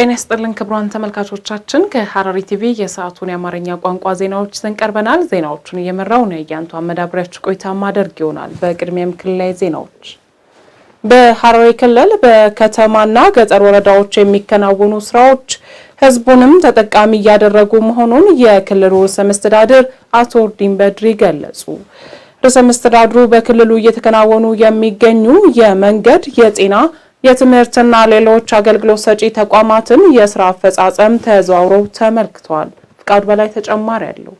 ጤና ይስጥልን ክቡራን ተመልካቾቻችን፣ ከሐረሪ ቲቪ የሰዓቱን የአማርኛ ቋንቋ ዜናዎች ይዘን ቀርበናል። ዜናዎቹን እየመራው ነው እያንቱ አመዳብሪያችሁ ቆይታ ማደርግ ይሆናል። በቅድሚያም ክልላዊ ዜናዎች። በሐረሪ ክልል በከተማና ገጠር ወረዳዎች የሚከናወኑ ስራዎች ህዝቡንም ተጠቃሚ እያደረጉ መሆኑን የክልሉ ርዕሰ መስተዳድር አቶ ኦርዲን በድሪ ገለጹ። ርዕሰ መስተዳድሩ በክልሉ እየተከናወኑ የሚገኙ የመንገድ የጤና የትምህርትና ሌሎች አገልግሎት ሰጪ ተቋማትን የስራ አፈጻጸም ተዘዋውሮ ተመልክተዋል። ፍቃድ በላይ ተጨማሪ አለው።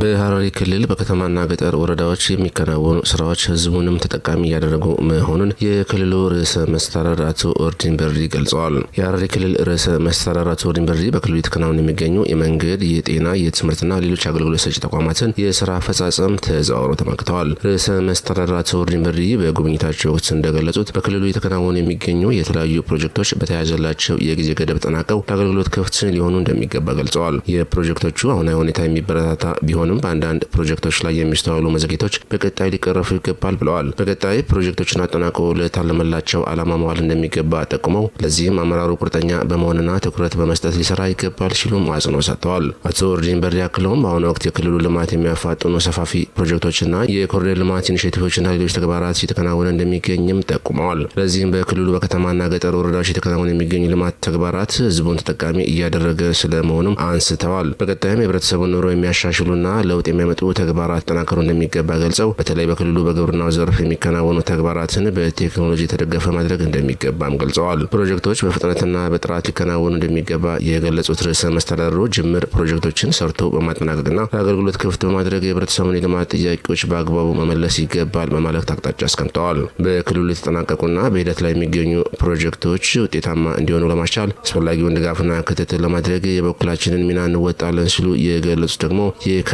በሐረሪ ክልል በከተማና ገጠር ወረዳዎች የሚከናወኑ ስራዎች ህዝቡንም ተጠቃሚ እያደረጉ መሆኑን የክልሉ ርዕሰ መስተዳደር አቶ ኦርዲን በርዲ ገልጸዋል። የሐረሪ ክልል ርዕሰ መስተዳደር አቶ ኦርዲን በርዲ በክልሉ የተከናወኑ የሚገኙ የመንገድ፣ የጤና፣ የትምህርትና ሌሎች አገልግሎት ሰጪ ተቋማትን የስራ አፈጻጸም ተዘዋውረው ተመልክተዋል። ርዕሰ መስተዳደር አቶ ኦርዲን በርዲ በጉብኝታቸው ወቅት እንደገለጹት በክልሉ የተከናወኑ የሚገኙ የተለያዩ ፕሮጀክቶች በተያዘላቸው የጊዜ ገደብ ጠናቀው ለአገልግሎት ክፍት ሊሆኑ እንደሚገባ ገልጸዋል። የፕሮጀክቶቹ አሁናዊ ሁኔታ የሚበረታታ ቢሆን ቢሆንም በአንዳንድ ፕሮጀክቶች ላይ የሚስተዋሉ መዘግየቶች በቀጣይ ሊቀረፉ ይገባል ብለዋል። በቀጣይ ፕሮጀክቶችን አጠናቆ ለታለመላቸው ዓላማ መዋል እንደሚገባ ጠቁመው ለዚህም አመራሩ ቁርጠኛ በመሆንና ትኩረት በመስጠት ሊሰራ ይገባል ሲሉም አጽኖ ሰጥተዋል። አቶ ኦርዲን በርዲ አክለውም በአሁኑ ወቅት የክልሉ ልማት የሚያፋጥኑ ሰፋፊ ፕሮጀክቶችና የኮሪደር ልማት ኢኒሽቲቮችና ሌሎች ተግባራት ሲተከናወነ እንደሚገኝም ጠቁመዋል። ለዚህም በክልሉ በከተማና ገጠር ወረዳዎች የተከናወኑ የሚገኙ ልማት ተግባራት ህዝቡን ተጠቃሚ እያደረገ ስለመሆኑም አንስተዋል። በቀጣይም የህብረተሰቡን ኑሮ የሚያሻሽሉና ለውጥ የሚያመጡ ተግባራት ጠናከሩ እንደሚገባ ገልጸው በተለይ በክልሉ በግብርናው ዘርፍ የሚከናወኑ ተግባራትን በቴክኖሎጂ የተደገፈ ማድረግ እንደሚገባም ገልጸዋል። ፕሮጀክቶች በፍጥነትና በጥራት ሊከናወኑ እንደሚገባ የገለጹት ርዕሰ መስተዳድሩ ጅምር ፕሮጀክቶችን ሰርቶ በማጠናቀቅና ለአገልግሎት ክፍት በማድረግ የህብረተሰቡን የልማት ጥያቄዎች በአግባቡ መመለስ ይገባል በማለት አቅጣጫ አስቀምጠዋል። በክልሉ የተጠናቀቁና በሂደት ላይ የሚገኙ ፕሮጀክቶች ውጤታማ እንዲሆኑ ለማስቻል አስፈላጊውን ድጋፍና ክትትል ለማድረግ የበኩላችንን ሚና እንወጣለን ሲሉ የገለጹት ደግሞ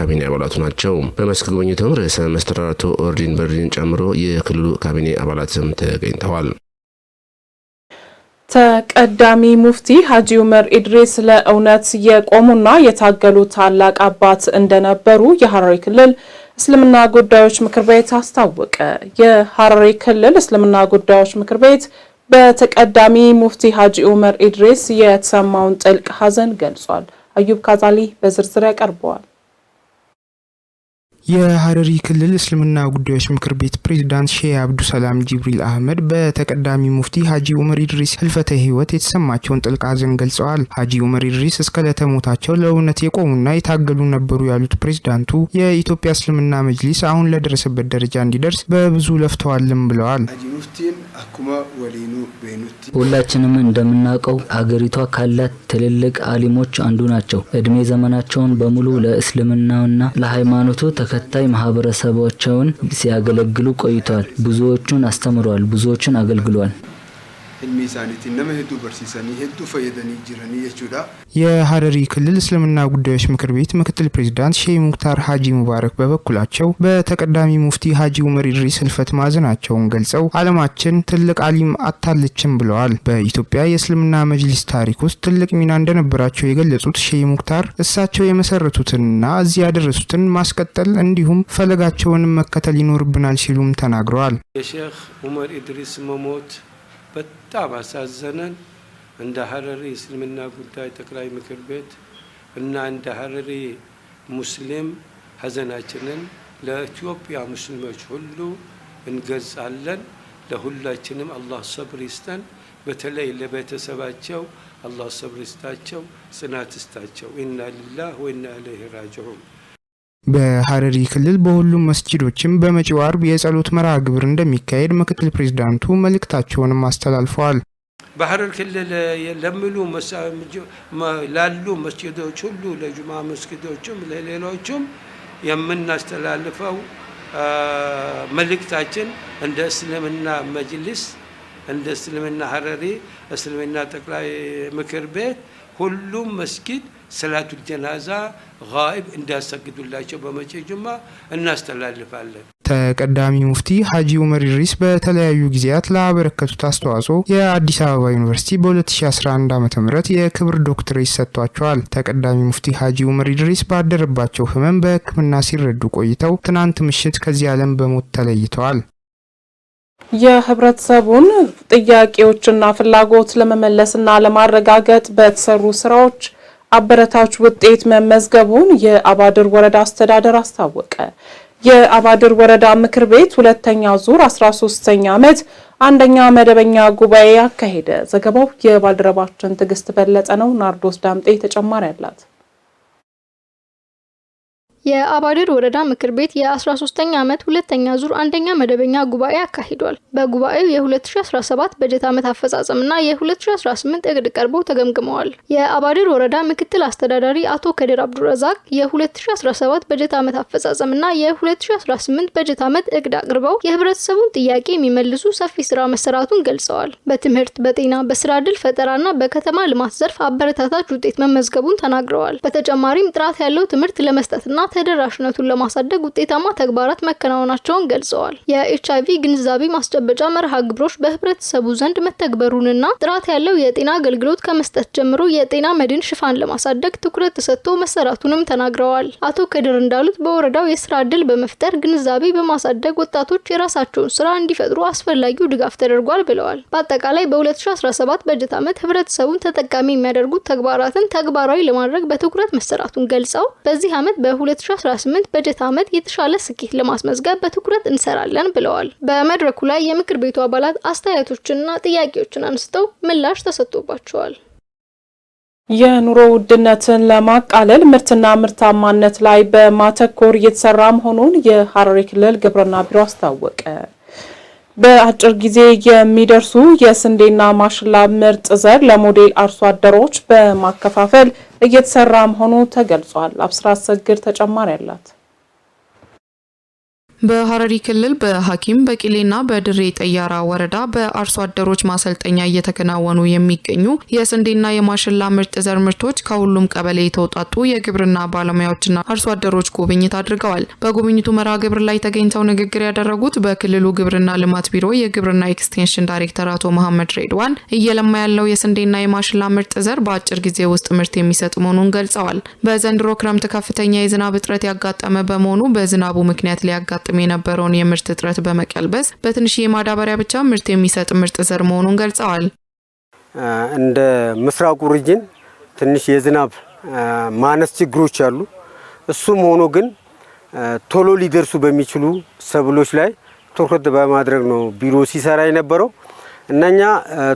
የካቢኔ አባላቱ ናቸው። በመስክ ጉብኝቱም ርዕሰ መስተዳድር አቶ ኦርዲን በርዲን ጨምሮ የክልሉ ካቢኔ አባላትም ተገኝተዋል። ተቀዳሚ ሙፍቲ ሀጂ ዑመር ኢድሪስ ለእውነት የቆሙና የታገሉ ታላቅ አባት እንደነበሩ የሐረሪ ክልል እስልምና ጉዳዮች ምክር ቤት አስታወቀ። የሐረሪ ክልል እስልምና ጉዳዮች ምክር ቤት በተቀዳሚ ሙፍቲ ሀጂ ዑመር ኢድሪስ የተሰማውን ጥልቅ ሐዘን ገልጿል። አዩብ ካዛሊ በዝርዝር ያቀርበዋል። የሀረሪ ክልል እስልምና ጉዳዮች ምክር ቤት ፕሬዝዳንት ሼህ አብዱሰላም ጅብሪል አህመድ በተቀዳሚ ሙፍቲ ሀጂ ኡመር ኢድሪስ ህልፈተ ህይወት የተሰማቸውን ጥልቅ ሐዘን ገልጸዋል። ሀጂ ኡመር ኢድሪስ እስከ ለተሞታቸው ለእውነት የቆሙና የታገሉ ነበሩ ያሉት ፕሬዝዳንቱ የኢትዮጵያ እስልምና መጅሊስ አሁን ለደረሰበት ደረጃ እንዲደርስ በብዙ ለፍተዋልም ብለዋል። ሁላችንም እንደምናውቀው ሀገሪቷ ካላት ትልልቅ አሊሞች አንዱ ናቸው። እድሜ ዘመናቸውን በሙሉ ለእስልምናውና ለሃይማኖቱ ተከ ተከታይ ማህበረሰባቸውን ሲያገለግሉ ቆይተዋል። ብዙዎቹን አስተምረዋል፣ ብዙዎቹን አገልግሏል። ህልሚ ሳኒቲ ነመ ህዱ በርሲሰኒ ህዱ ፈየደኒ ጅረኒ jechuudha። የሀረሪ ክልል እስልምና ጉዳዮች ምክር ቤት ምክትል ፕሬዚዳንት ሼህ ሙክታር ሀጂ ሙባረክ በበኩላቸው በተቀዳሚ ሙፍቲ ሀጂ ኡመር ኢድሪስ ህልፈት ማዘናቸውን ገልጸው ዓለማችን ትልቅ አሊም አታለችም ብለዋል። በኢትዮጵያ የእስልምና መጅሊስ ታሪክ ውስጥ ትልቅ ሚና እንደነበራቸው የገለጹት ሼህ ሙክታር እሳቸው የመሰረቱትንና እዚህ ያደረሱትን ማስቀጠል እንዲሁም ፈለጋቸውን መከተል ይኖርብናል ሲሉም ተናግረዋል። የሼህ ኡመር ኢድሪስ መሞት በጣም አሳዘነን። እንደ ሀረሪ እስልምና ጉዳይ ጠቅላይ ምክር ቤት እና እንደ ሀረሪ ሙስሊም ሀዘናችንን ለኢትዮጵያ ሙስሊሞች ሁሉ እንገልጻለን። ለሁላችንም አላህ ሰብር ይስጠን። በተለይ ለቤተሰባቸው አላህ ሰብር ይስጣቸው፣ ጽናት ይስጣቸው። ኢና ሊላህ ወኢና ኢለይሂ ራጅዑን በሐረሪ ክልል በሁሉም መስጂዶችም በመጪው አርብ የጸሎት መርሃ ግብር እንደሚካሄድ ምክትል ፕሬዚዳንቱ መልእክታቸውንም አስተላልፈዋል። በሐረር ክልል ለሚሉ ላሉ መስጂዶች ሁሉ ለጁማ መስጊዶችም ለሌሎችም የምናስተላልፈው መልእክታችን እንደ እስልምና መጅሊስ እንደ እስልምና ሐረሪ እስልምና ጠቅላይ ምክር ቤት ሁሉም መስጊድ ሰላቱል ጀናዛ ጋኢብ እንዳሰግዱላቸው በመቼ ጅማ እናስተላልፋለን። ተቀዳሚ ሙፍቲ ሀጂ ኡመር ኢድሪስ በተለያዩ ጊዜያት ላበረከቱት አስተዋጽኦ የአዲስ አበባ ዩኒቨርሲቲ በ2011 ዓ ም የክብር ዶክትሬት ሰጥቷቸዋል። ተቀዳሚ ሙፍቲ ሀጂ ኡመር ኢድሪስ ባደረባቸው ህመም በሕክምና ሲረዱ ቆይተው ትናንት ምሽት ከዚህ ዓለም በሞት ተለይተዋል። የህብረተሰቡን ጥያቄዎችና ፍላጎት ለመመለስና ለማረጋገጥ በተሰሩ ስራዎች አበረታች ውጤት መመዝገቡን የአባድር ወረዳ አስተዳደር አስታወቀ። የአባድር ወረዳ ምክር ቤት ሁለተኛ ዙር 13ኛ ዓመት አንደኛ መደበኛ ጉባኤ አካሄደ። ዘገባው የባልደረባችን ትዕግስት በለጠ ነው። ናርዶስ ዳምጤ ተጨማሪ አላት። የአባድር ወረዳ ምክር ቤት የ13ኛ ዓመት ሁለተኛ ዙር አንደኛ መደበኛ ጉባኤ አካሂዷል። በጉባኤው የ2017 በጀት ዓመት አፈጻጸምና የ2018 እቅድ ቀርበው ተገምግመዋል። የአባድር ወረዳ ምክትል አስተዳዳሪ አቶ ከድር አብዱረዛቅ የ2017 በጀት ዓመት አፈጻጸምና የ2018 በጀት ዓመት እቅድ አቅርበው የህብረተሰቡን ጥያቄ የሚመልሱ ሰፊ ስራ መሰራቱን ገልጸዋል። በትምህርት፣ በጤና፣ በስራ ዕድል ፈጠራና በከተማ ልማት ዘርፍ አበረታታች ውጤት መመዝገቡን ተናግረዋል። በተጨማሪም ጥራት ያለው ትምህርት ለመስጠትና ተደራሽነቱን ለማሳደግ ውጤታማ ተግባራት መከናወናቸውን ገልጸዋል። የኤች አይቪ ግንዛቤ ማስጨበጫ መርሃ ግብሮች በህብረተሰቡ ዘንድ መተግበሩንና ጥራት ያለው የጤና አገልግሎት ከመስጠት ጀምሮ የጤና መድን ሽፋን ለማሳደግ ትኩረት ተሰጥቶ መሰራቱንም ተናግረዋል። አቶ ከድር እንዳሉት በወረዳው የስራ እድል በመፍጠር ግንዛቤ በማሳደግ ወጣቶች የራሳቸውን ስራ እንዲፈጥሩ አስፈላጊው ድጋፍ ተደርጓል ብለዋል። በአጠቃላይ በ2017 በጀት ዓመት ህብረተሰቡን ተጠቃሚ የሚያደርጉት ተግባራትን ተግባራዊ ለማድረግ በትኩረት መሰራቱን ገልጸው በዚህ ዓመት በ2 2018 በጀት ዓመት የተሻለ ስኬት ለማስመዝገብ በትኩረት እንሰራለን ብለዋል። በመድረኩ ላይ የምክር ቤቱ አባላት አስተያየቶችንና ጥያቄዎችን አንስተው ምላሽ ተሰጥቶባቸዋል። የኑሮ ውድነትን ለማቃለል ምርትና ምርታማነት ላይ በማተኮር እየተሰራ መሆኑን የሐረሪ ክልል ግብርና ቢሮ አስታወቀ። በአጭር ጊዜ የሚደርሱ የስንዴና ማሽላ ምርጥ ዘር ለሞዴል አርሶ አደሮች በማከፋፈል እየተሰራ መሆኑ ተገልጿል። አብስራ አሰግድ ተጨማሪ አላት። በሐረሪ ክልል በሐኪም በቂሌና በድሬ ጠያራ ወረዳ በአርሶ አደሮች ማሰልጠኛ እየተከናወኑ የሚገኙ የስንዴና የማሽላ ምርጥ ዘር ምርቶች ከሁሉም ቀበሌ የተውጣጡ የግብርና ባለሙያዎችና አርሶ አደሮች ጉብኝት አድርገዋል። በጉብኝቱ መርሃ ግብር ላይ ተገኝተው ንግግር ያደረጉት በክልሉ ግብርና ልማት ቢሮ የግብርና ኤክስቴንሽን ዳይሬክተር አቶ መሐመድ ሬድዋን እየለማ ያለው የስንዴና የማሽላ ምርጥ ዘር በአጭር ጊዜ ውስጥ ምርት የሚሰጥ መሆኑን ገልጸዋል። በዘንድሮ ክረምት ከፍተኛ የዝናብ እጥረት ያጋጠመ በመሆኑ በዝናቡ ምክንያት ሊያጋጠ ሲያጋጥም የነበረውን የምርት እጥረት በመቀልበስ በትንሽዬ ማዳበሪያ ብቻ ምርት የሚሰጥ ምርጥ ዘር መሆኑን ገልጸዋል። እንደ ምስራቁ ሪጅን ትንሽ የዝናብ ማነስ ችግሮች አሉ። እሱም ሆኖ ግን ቶሎ ሊደርሱ በሚችሉ ሰብሎች ላይ ትኩረት በማድረግ ነው ቢሮ ሲሰራ የነበረው እናኛ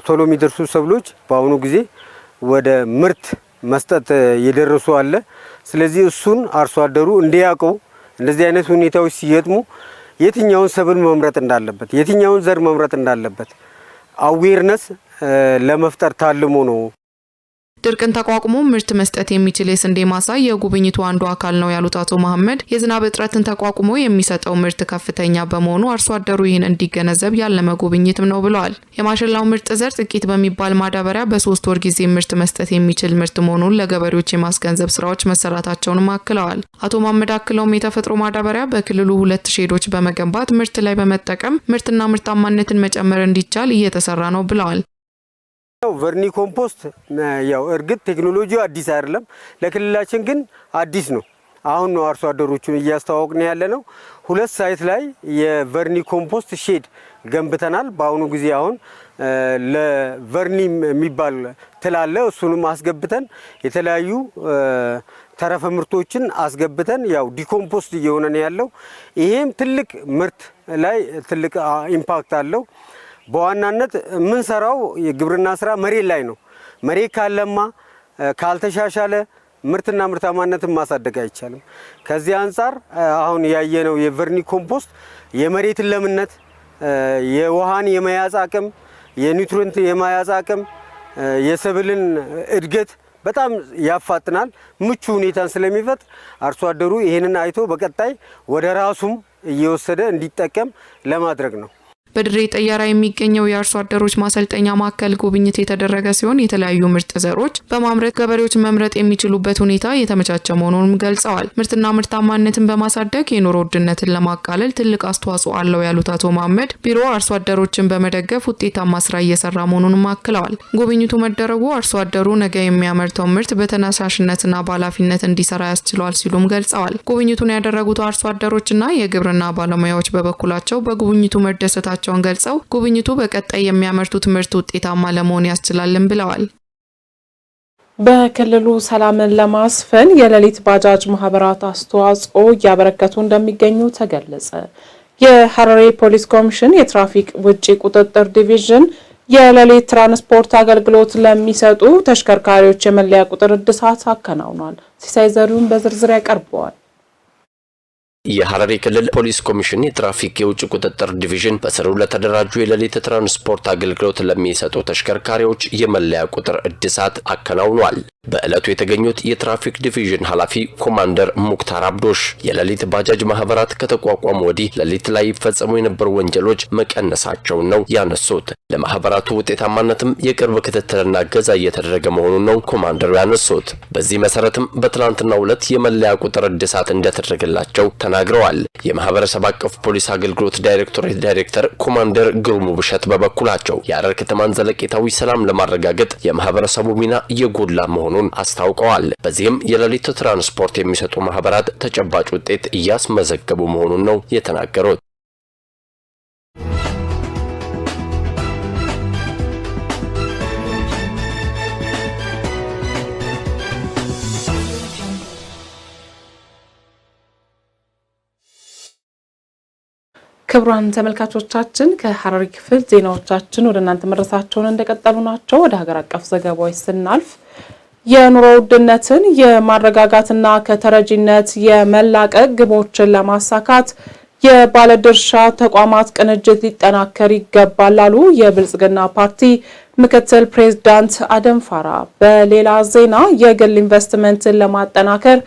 ቶሎ የሚደርሱ ሰብሎች በአሁኑ ጊዜ ወደ ምርት መስጠት የደረሱ አለ። ስለዚህ እሱን አርሶ አደሩ እንዲያውቀው እንደዚህ አይነት ሁኔታዎች ሲገጥሙ የትኛውን ሰብል መምረጥ እንዳለበት፣ የትኛውን ዘር መምረጥ እንዳለበት አዌርነስ ለመፍጠር ታልሞ ነው። ድርቅን ተቋቁሞ ምርት መስጠት የሚችል የስንዴ ማሳ የጉብኝቱ አንዱ አካል ነው ያሉት አቶ መሐመድ የዝናብ እጥረትን ተቋቁሞ የሚሰጠው ምርት ከፍተኛ በመሆኑ አርሶ አደሩ ይህን እንዲገነዘብ ያለመ ጉብኝትም ነው ብለዋል። የማሽላው ምርጥ ዘር ጥቂት በሚባል ማዳበሪያ በሶስት ወር ጊዜ ምርት መስጠት የሚችል ምርት መሆኑን ለገበሬዎች የማስገንዘብ ስራዎች መሰራታቸውንም አክለዋል። አቶ መሐመድ አክለውም የተፈጥሮ ማዳበሪያ በክልሉ ሁለት ሼዶች በመገንባት ምርት ላይ በመጠቀም ምርትና ምርታማነትን መጨመር እንዲቻል እየተሰራ ነው ብለዋል። ቨርኒ ኮምፖስት ያው እርግጥ ቴክኖሎጂው አዲስ አይደለም፣ ለክልላችን ግን አዲስ ነው። አሁን ነው አርሶ አደሮቹን እያስተዋወቅን ያለ ነው። ሁለት ሳይት ላይ የቨርኒ ኮምፖስት ሼድ ገንብተናል። በአሁኑ ጊዜ አሁን ለቨርኒ የሚባል ትላለ እሱንም አስገብተን የተለያዩ ተረፈ ምርቶችን አስገብተን ያው ዲኮምፖስት እየሆነ ነው ያለው። ይሄም ትልቅ ምርት ላይ ትልቅ ኢምፓክት አለው። በዋናነት የምንሰራው የግብርና ስራ መሬት ላይ ነው። መሬት ካለማ ካልተሻሻለ ምርትና ምርታማነትን ማሳደግ አይቻልም። ከዚህ አንጻር አሁን ያየነው የቨርኒ ኮምፖስት የመሬትን ለምነት፣ የውሃን የመያዝ አቅም፣ የኒውትሪንት የመያዝ አቅም፣ የሰብልን እድገት በጣም ያፋጥናል። ምቹ ሁኔታን ስለሚፈጥር አርሶ አደሩ ይህንን አይቶ በቀጣይ ወደ ራሱም እየወሰደ እንዲጠቀም ለማድረግ ነው። በድሬ ጠያራ የሚገኘው የአርሶ አደሮች ማሰልጠኛ ማዕከል ጉብኝት የተደረገ ሲሆን የተለያዩ ምርጥ ዘሮች በማምረት ገበሬዎች መምረጥ የሚችሉበት ሁኔታ የተመቻቸ መሆኑንም ገልጸዋል። ምርትና ምርታማነትን በማሳደግ የኑሮ ውድነትን ለማቃለል ትልቅ አስተዋጽኦ አለው ያሉት አቶ ማመድ ቢሮ አርሶ አደሮችን በመደገፍ ውጤታማ ስራ እየሰራ መሆኑንም አክለዋል። ጉብኝቱ መደረጉ አርሶ አደሩ ነገ የሚያመርተው ምርት በተነሳሽነትና በኃላፊነት እንዲሰራ ያስችለዋል ሲሉም ገልጸዋል። ጉብኝቱን ያደረጉት አርሶ አደሮችና የግብርና ባለሙያዎች በበኩላቸው በጉብኝቱ መደሰታቸው መሆናቸውን ገልጸው ጉብኝቱ በቀጣይ የሚያመርቱት ምርት ውጤታማ ለመሆን ያስችላልን ብለዋል። በክልሉ ሰላምን ለማስፈን የሌሊት ባጃጅ ማህበራት አስተዋጽኦ እያበረከቱ እንደሚገኙ ተገለጸ። የሐረሪ ፖሊስ ኮሚሽን የትራፊክ ውጪ ቁጥጥር ዲቪዥን የሌሊት ትራንስፖርት አገልግሎት ለሚሰጡ ተሽከርካሪዎች የመለያ ቁጥር እድሳት አከናውኗል። ሲሳይ ዘሪሁን በዝርዝር ያቀርበዋል። የሐረሪ ክልል ፖሊስ ኮሚሽን የትራፊክ የውጭ ቁጥጥር ዲቪዥን በስሩ ለተደራጁ የሌሊት ትራንስፖርት አገልግሎት ለሚሰጡ ተሽከርካሪዎች የመለያ ቁጥር እድሳት አከናውኗል። በዕለቱ የተገኙት የትራፊክ ዲቪዥን ኃላፊ ኮማንደር ሙክታር አብዶሽ የሌሊት ባጃጅ ማህበራት ከተቋቋሙ ወዲህ ሌሊት ላይ ይፈጸሙ የነበሩ ወንጀሎች መቀነሳቸውን ነው ያነሱት። ለማህበራቱ ውጤታማነትም የቅርብ ክትትልና እገዛ እየተደረገ መሆኑን ነው ኮማንደሩ ያነሱት። በዚህ መሰረትም በትናንትናው ዕለት የመለያ ቁጥር እድሳት እንደተደረገላቸው ተናግረዋል። የማህበረሰብ አቀፍ ፖሊስ አገልግሎት ዳይሬክቶሬት ዳይሬክተር ኮማንደር ግሩሙ ብሸት በበኩላቸው የሐረር ከተማን ዘለቄታዊ ሰላም ለማረጋገጥ የማህበረሰቡ ሚና እየጎላ መሆኑ መሆኑን አስታውቀዋል። በዚህም የሌሊት ትራንስፖርት የሚሰጡ ማህበራት ተጨባጭ ውጤት እያስመዘገቡ መሆኑን ነው የተናገሩት። ክቡራን ተመልካቾቻችን ከሐረሪ ክፍል ዜናዎቻችን ወደ እናንተ መድረሳቸውን እንደቀጠሉ ናቸው። ወደ ሀገር አቀፍ ዘገባዎች ስናልፍ የኑሮ ውድነትን የማረጋጋትና ከተረጂነት የመላቀቅ ግቦችን ለማሳካት የባለድርሻ ተቋማት ቅንጅት ሊጠናከር ይገባል አሉ የብልጽግና ፓርቲ ምክትል ፕሬዝዳንት አደም ፋራ። በሌላ ዜና የግል ኢንቨስትመንትን ለማጠናከር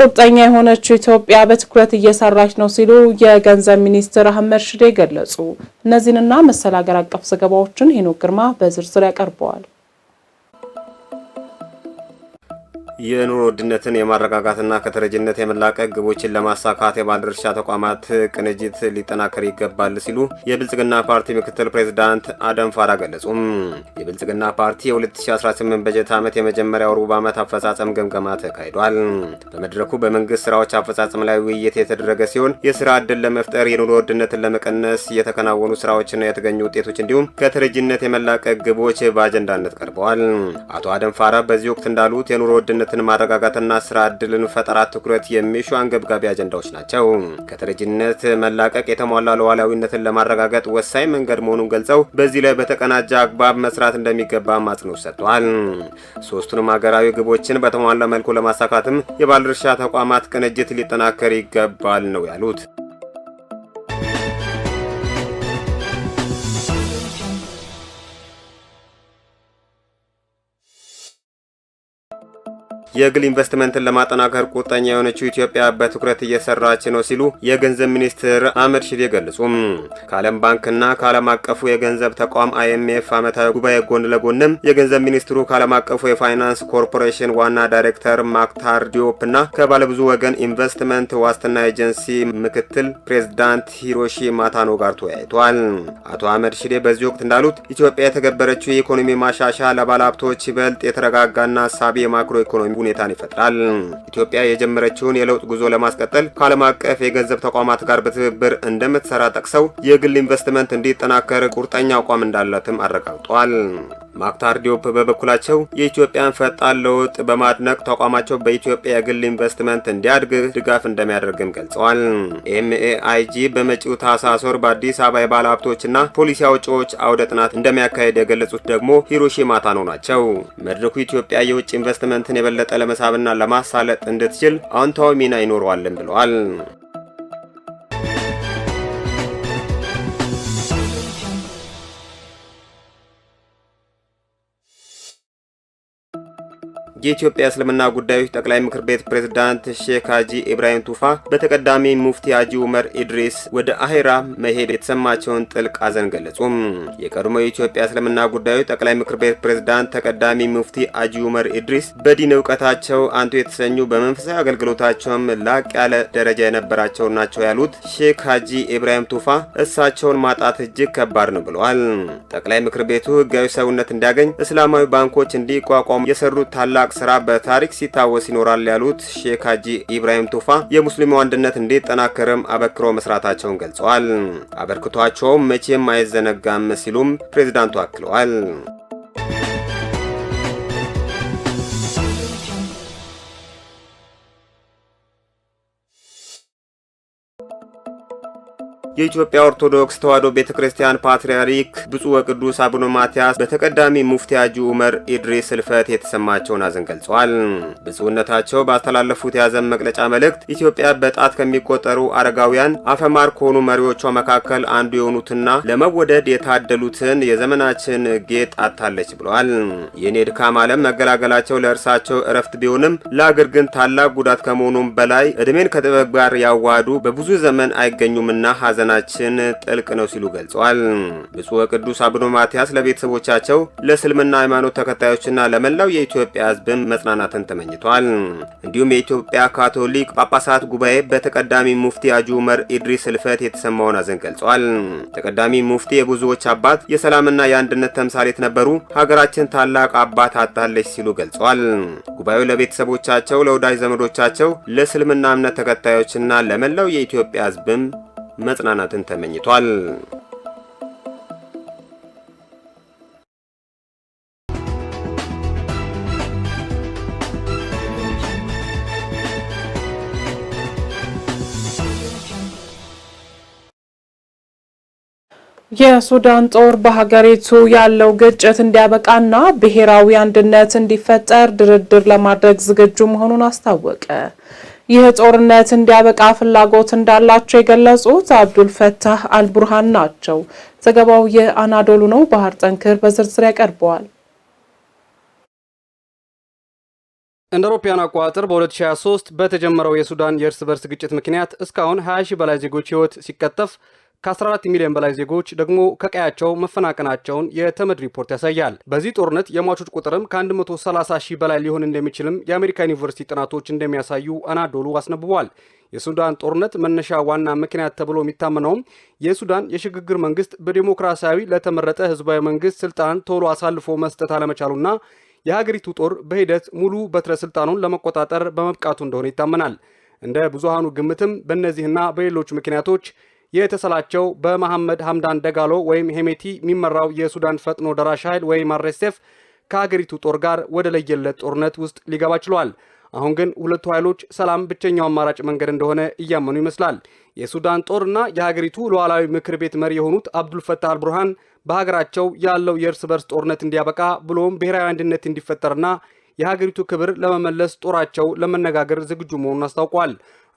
ቁርጠኛ የሆነችው ኢትዮጵያ በትኩረት እየሰራች ነው ሲሉ የገንዘብ ሚኒስትር አህመድ ሽዴ ገለጹ። እነዚህንና መሰል ሀገር አቀፍ ዘገባዎችን ሄኖክ ግርማ በዝርዝር ያቀርበዋል። የኑሮ ውድነትን የማረጋጋትና ከተረጅነት የመላቀቅ ግቦችን ለማሳካት የባለድርሻ ተቋማት ቅንጅት ሊጠናከር ይገባል ሲሉ የብልጽግና ፓርቲ ምክትል ፕሬዚዳንት አደም ፋራ ገለጹም። የብልጽግና ፓርቲ የ2018 በጀት ዓመት የመጀመሪያው ሩብ ዓመት አፈጻጸም ግምገማ ተካሂዷል። በመድረኩ በመንግስት ስራዎች አፈጻጸም ላይ ውይይት የተደረገ ሲሆን የስራ እድል ለመፍጠር የኑሮ ውድነትን ለመቀነስ የተከናወኑ ስራዎችና የተገኙ ውጤቶች እንዲሁም ከተረጅነት የመላቀቅ ግቦች በአጀንዳነት ቀርበዋል። አቶ አደም ፋራ በዚህ ወቅት እንዳሉት የኑሮ ውድነት ድህነትን ማረጋጋትና ስራ እድልን ፈጠራ ትኩረት የሚሹ አንገብጋቢ አጀንዳዎች ናቸው። ከተረጂነት መላቀቅ የተሟላ ሉዓላዊነትን ለማረጋገጥ ወሳኝ መንገድ መሆኑን ገልጸው በዚህ ላይ በተቀናጀ አግባብ መስራት እንደሚገባ አጽንኦት ሰጥቷል። ሶስቱንም ሀገራዊ ግቦችን በተሟላ መልኩ ለማሳካትም የባለድርሻ ተቋማት ቅንጅት ሊጠናከር ይገባል ነው ያሉት። የግል ኢንቨስትመንትን ለማጠናከር ቁርጠኛ የሆነችው ኢትዮጵያ በትኩረት እየሰራች ነው ሲሉ የገንዘብ ሚኒስትር አህመድ ሽዴ ገልጹም። ከዓለም ባንክና ከዓለም አቀፉ የገንዘብ ተቋም አይኤምኤፍ ዓመታዊ ጉባኤ ጎን ለጎንም የገንዘብ ሚኒስትሩ ከዓለም አቀፉ የፋይናንስ ኮርፖሬሽን ዋና ዳይሬክተር ማክታር ዲዮፕና እና ከባለብዙ ወገን ኢንቨስትመንት ዋስትና ኤጀንሲ ምክትል ፕሬዝዳንት ሂሮሺ ማታኖ ጋር ተወያይቷል። አቶ አህመድ ሽዴ በዚህ ወቅት እንዳሉት ኢትዮጵያ የተገበረችው የኢኮኖሚ ማሻሻያ ለባለሀብቶች ይበልጥ የተረጋጋና ሳቢ የማክሮ ኢኮኖሚ ሁኔታን ይፈጥራል። ኢትዮጵያ የጀመረችውን የለውጥ ጉዞ ለማስቀጠል ከዓለም አቀፍ የገንዘብ ተቋማት ጋር በትብብር እንደምትሰራ ጠቅሰው የግል ኢንቨስትመንት እንዲጠናከር ቁርጠኛ አቋም እንዳላትም አረጋግጧል። ማክታር ዲዮፕ በበኩላቸው የኢትዮጵያን ፈጣን ለውጥ በማድነቅ ተቋማቸው በኢትዮጵያ የግል ኢንቨስትመንት እንዲያድግ ድጋፍ እንደሚያደርግም ገልጸዋል። ኤምኤአይጂ በመጪው ታህሳስ ወር በአዲስ አበባ የባለ ሀብቶችና ፖሊሲ አውጪዎች አውደ ጥናት እንደሚያካሄድ የገለጹት ደግሞ ሂሮሺማ ታኖ ናቸው። መድረኩ ኢትዮጵያ የውጭ ኢንቨስትመንትን የበለጠ ለመሳብና ለማሳለጥ እንድትችል አዎንታዊ ሚና ይኖረዋልን ብለዋል። የኢትዮጵያ እስልምና ጉዳዮች ጠቅላይ ምክር ቤት ፕሬዝዳንት ሼክ ሀጂ ኢብራሂም ቱፋ በተቀዳሚ ሙፍቲ ሀጂ ኡመር ኢድሪስ ወደ አሄራ መሄድ የተሰማቸውን ጥልቅ አዘን ገለጹም። የቀድሞ የኢትዮጵያ እስልምና ጉዳዮች ጠቅላይ ምክር ቤት ፕሬዝዳንት ተቀዳሚ ሙፍቲ ሀጂ ኡመር ኢድሪስ በዲን እውቀታቸው አንቱ የተሰኙ በመንፈሳዊ አገልግሎታቸውም ላቅ ያለ ደረጃ የነበራቸው ናቸው ያሉት ሼክ ሀጂ ኢብራሂም ቱፋ እሳቸውን ማጣት እጅግ ከባድ ነው ብለዋል። ጠቅላይ ምክር ቤቱ ህጋዊ ሰውነት እንዲያገኝ እስላማዊ ባንኮች እንዲቋቋሙ የሰሩት ታላቅ ታላቅ ስራ በታሪክ ሲታወስ ይኖራል ያሉት ሼክ ሀጂ ኢብራሂም ቱፋ የሙስሊሙ አንድነት እንዲጠናከርም አበክሮ መስራታቸውን ገልጸዋል። አበርክቷቸውም መቼም አይዘነጋም ሲሉም ፕሬዚዳንቱ አክለዋል። የኢትዮጵያ ኦርቶዶክስ ተዋሕዶ ቤተ ክርስቲያን ፓትርያርክ ብፁዕ ወቅዱስ አቡነ ማትያስ በተቀዳሚ ሙፍቲ ሐጂ ዑመር ኢድሪስ ሕልፈት የተሰማቸውን አዘን ገልጸዋል። ብፁዕነታቸው ባስተላለፉት የሐዘን መግለጫ መልእክት ኢትዮጵያ በጣት ከሚቆጠሩ አረጋውያን አፈማር ከሆኑ መሪዎቿ መካከል አንዱ የሆኑትና ለመወደድ የታደሉትን የዘመናችን ጌጥ አታለች ብለዋል። የእኔ ድካም ዓለም መገላገላቸው ለእርሳቸው እረፍት ቢሆንም ለአገር ግን ታላቅ ጉዳት ከመሆኑም በላይ እድሜን ከጥበብ ጋር ያዋሃዱ በብዙ ዘመን አይገኙምና ሐዘን ክርስቲያናችን ጥልቅ ነው ሲሉ ገልጸዋል። ብፁዕ ቅዱስ አቡነ ማትያስ ለቤተሰቦቻቸው ለእስልምና ሃይማኖት ተከታዮችና ለመላው የኢትዮጵያ ሕዝብም መጽናናትን ተመኝተዋል። እንዲሁም የኢትዮጵያ ካቶሊክ ጳጳሳት ጉባኤ በተቀዳሚ ሙፍቲ አጁ ዑመር ኢድሪስ ህልፈት የተሰማውን አዘን ገልጸዋል። ተቀዳሚ ሙፍቲ የብዙዎች አባት የሰላምና የአንድነት ተምሳሌት ነበሩ፣ ሀገራችን ታላቅ አባት አጣለች ሲሉ ገልጸዋል። ጉባኤው ለቤተሰቦቻቸው፣ ለወዳጅ ዘመዶቻቸው፣ ለእስልምና እምነት ተከታዮችና ለመላው የኢትዮጵያ ሕዝብም መጽናናትን ተመኝቷል። የሱዳን ጦር በሀገሪቱ ያለው ግጭት እንዲያበቃና ብሔራዊ አንድነት እንዲፈጠር ድርድር ለማድረግ ዝግጁ መሆኑን አስታወቀ። ይህ ጦርነት እንዲያበቃ ፍላጎት እንዳላቸው የገለጹት አብዱልፈታህ አልቡርሃን ናቸው። ዘገባው የአናዶሉ ነው። ባህር ጠንክር በዝርዝር ያቀርበዋል። እንደ አውሮፓውያን አቆጣጠር በ2023 በተጀመረው የሱዳን የእርስ በርስ ግጭት ምክንያት እስካሁን 20 ሺህ በላይ ዜጎች ህይወት ሲቀጠፍ ከ14 ሚሊዮን በላይ ዜጎች ደግሞ ከቀያቸው መፈናቀናቸውን የተመድ ሪፖርት ያሳያል። በዚህ ጦርነት የሟቾች ቁጥርም ከ130 ሺህ በላይ ሊሆን እንደሚችልም የአሜሪካ ዩኒቨርሲቲ ጥናቶች እንደሚያሳዩ አናዶሉ አስነብቧል። የሱዳን ጦርነት መነሻ ዋና ምክንያት ተብሎ የሚታመነውም የሱዳን የሽግግር መንግስት በዴሞክራሲያዊ ለተመረጠ ህዝባዊ መንግስት ስልጣን ቶሎ አሳልፎ መስጠት አለመቻሉና የሀገሪቱ ጦር በሂደት ሙሉ በትረ ስልጣኑን ለመቆጣጠር በመብቃቱ እንደሆነ ይታመናል። እንደ ብዙሃኑ ግምትም በእነዚህና በሌሎች ምክንያቶች የተሰላቸው በመሐመድ ሐምዳን ደጋሎ ወይም ሄሜቲ የሚመራው የሱዳን ፈጥኖ ደራሽ ኃይል ወይም አርኤስኤፍ ከሀገሪቱ ጦር ጋር ወደ ለየለት ጦርነት ውስጥ ሊገባ ችሏል። አሁን ግን ሁለቱ ኃይሎች ሰላም ብቸኛው አማራጭ መንገድ እንደሆነ እያመኑ ይመስላል። የሱዳን ጦርና የሀገሪቱ ሉዓላዊ ምክር ቤት መሪ የሆኑት አብዱልፈታህ አልቡርሃን በሀገራቸው ያለው የእርስ በርስ ጦርነት እንዲያበቃ ብሎም ብሔራዊ አንድነት እንዲፈጠርና የሀገሪቱ ክብር ለመመለስ ጦራቸው ለመነጋገር ዝግጁ መሆኑን አስታውቋል።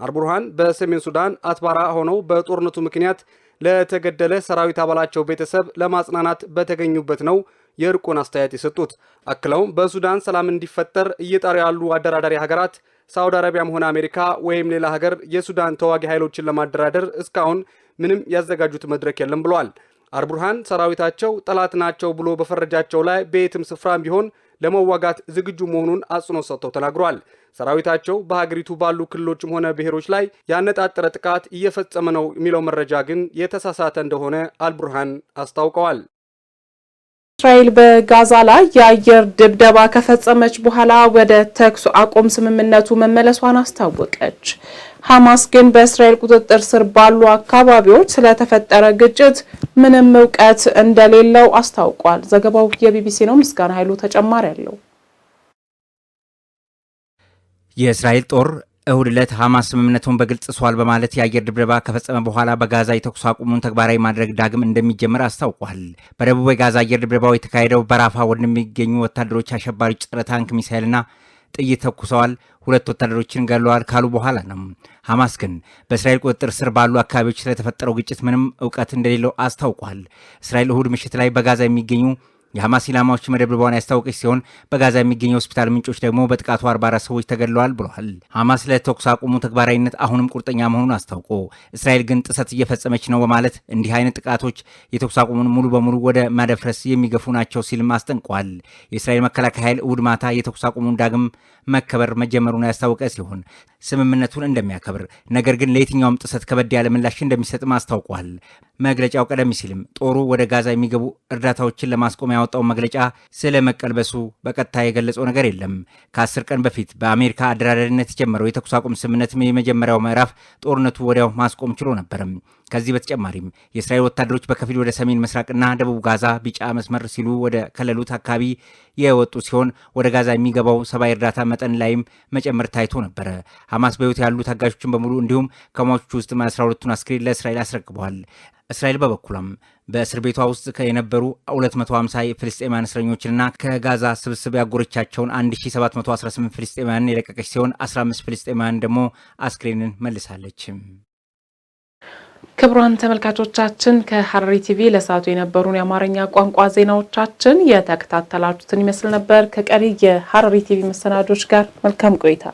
አልቡርሃን በሰሜን ሱዳን አትባራ ሆነው በጦርነቱ ምክንያት ለተገደለ ሰራዊት አባላቸው ቤተሰብ ለማጽናናት በተገኙበት ነው የእርቁን አስተያየት የሰጡት። አክለውም በሱዳን ሰላም እንዲፈጠር እየጣሩ ያሉ አደራዳሪ ሀገራት ሳውዲ አረቢያም ሆነ አሜሪካ ወይም ሌላ ሀገር የሱዳን ተዋጊ ኃይሎችን ለማደራደር እስካሁን ምንም ያዘጋጁት መድረክ የለም ብለዋል። አልቡርሃን ሰራዊታቸው ጠላት ናቸው ብሎ በፈረጃቸው ላይ በየትም ስፍራም ቢሆን ለመዋጋት ዝግጁ መሆኑን አጽንኦት ሰጥተው ተናግሯል። ሰራዊታቸው በሀገሪቱ ባሉ ክልሎችም ሆነ ብሔሮች ላይ ያነጣጠረ ጥቃት እየፈጸመ ነው የሚለው መረጃ ግን የተሳሳተ እንደሆነ አልቡርሃን አስታውቀዋል። እስራኤል በጋዛ ላይ የአየር ድብደባ ከፈጸመች በኋላ ወደ ተኩስ አቁም ስምምነቱ መመለሷን አስታወቀች። ሐማስ ግን በእስራኤል ቁጥጥር ስር ባሉ አካባቢዎች ስለተፈጠረ ግጭት ምንም እውቀት እንደሌለው አስታውቋል። ዘገባው የቢቢሲ ነው። ምስጋና ኃይሉ ተጨማሪ አለው። የእስራኤል ጦር እሁድ ዕለት ሐማስ ስምምነቱን በግልጽ ሷል በማለት የአየር ድብደባ ከፈጸመ በኋላ በጋዛ የተኩስ አቁሙን ተግባራዊ ማድረግ ዳግም እንደሚጀምር አስታውቋል። በደቡብ የጋዛ አየር ድብደባው የተካሄደው በራፋ ወደሚገኙ ወታደሮች አሸባሪዎች ጸረ ታንክ ሚሳይልና ጥይት ተኩሰዋል፣ ሁለት ወታደሮችን ገለዋል ካሉ በኋላ ነው። ሐማስ ግን በእስራኤል ቁጥጥር ስር ባሉ አካባቢዎች ስለተፈጠረው ግጭት ምንም እውቀት እንደሌለው አስታውቋል። እስራኤል እሁድ ምሽት ላይ በጋዛ የሚገኙ የሐማስ ኢላማዎች መደብደቧን ያስታወቀች ሲሆን በጋዛ የሚገኘ ሆስፒታል ምንጮች ደግሞ በጥቃቱ 44 ሰዎች ተገድለዋል ብለዋል። ሐማስ ለተኩስ አቁሙ ተግባራዊነት አሁንም ቁርጠኛ መሆኑን አስታውቆ እስራኤል ግን ጥሰት እየፈጸመች ነው በማለት እንዲህ አይነት ጥቃቶች የተኩስ አቁሙን ሙሉ በሙሉ ወደ ማደፍረስ የሚገፉ ናቸው ሲልም አስጠንቋል። የእስራኤል መከላከያ ኃይል እሁድ ማታ የተኩስ አቁሙን ዳግም መከበር መጀመሩን ያስታወቀ ሲሆን ስምምነቱን እንደሚያከብር ነገር ግን ለየትኛውም ጥሰት ከበድ ያለ ምላሽ እንደሚሰጥም አስታውቋል። መግለጫው ቀደም ሲልም ጦሩ ወደ ጋዛ የሚገቡ እርዳታዎችን ለማስቆሚያ ያወጣው መግለጫ ስለ መቀልበሱ በቀጥታ የገለጸው ነገር የለም። ከአስር ቀን በፊት በአሜሪካ አደራዳሪነት የጀመረው የተኩስ አቁም ስምምነት የመጀመሪያው ምዕራፍ ጦርነቱ ወዲያው ማስቆም ችሎ ነበርም። ከዚህ በተጨማሪም የእስራኤል ወታደሮች በከፊል ወደ ሰሜን ምስራቅና ደቡብ ጋዛ ቢጫ መስመር ሲሉ ወደ ከለሉት አካባቢ የወጡ ሲሆን ወደ ጋዛ የሚገባው ሰብአዊ እርዳታ መጠን ላይም መጨመር ታይቶ ነበረ። ሐማስ በሕይወት ያሉ ታጋሾችን በሙሉ እንዲሁም ከሟቾቹ ውስጥ 12ቱን አስክሬን ለእስራኤል አስረክበዋል። እስራኤል በበኩሏም በእስር ቤቷ ውስጥ የነበሩ 250 የፍልስጤማውያን እስረኞችንና ከጋዛ ስብስብ ያጎረቻቸውን 1718 ፍልስጤማውያንን የለቀቀች ሲሆን 15 ፍልስጤማውያን ደግሞ አስክሬንን መልሳለች። ክቡራን ተመልካቾቻችን ከሐረሪ ቲቪ ለሰዓቱ የነበሩን የአማርኛ ቋንቋ ዜናዎቻችን የተከታተላችሁትን ይመስል ነበር። ከቀሪ የሐረሪ ቲቪ መሰናዶች ጋር መልካም ቆይታ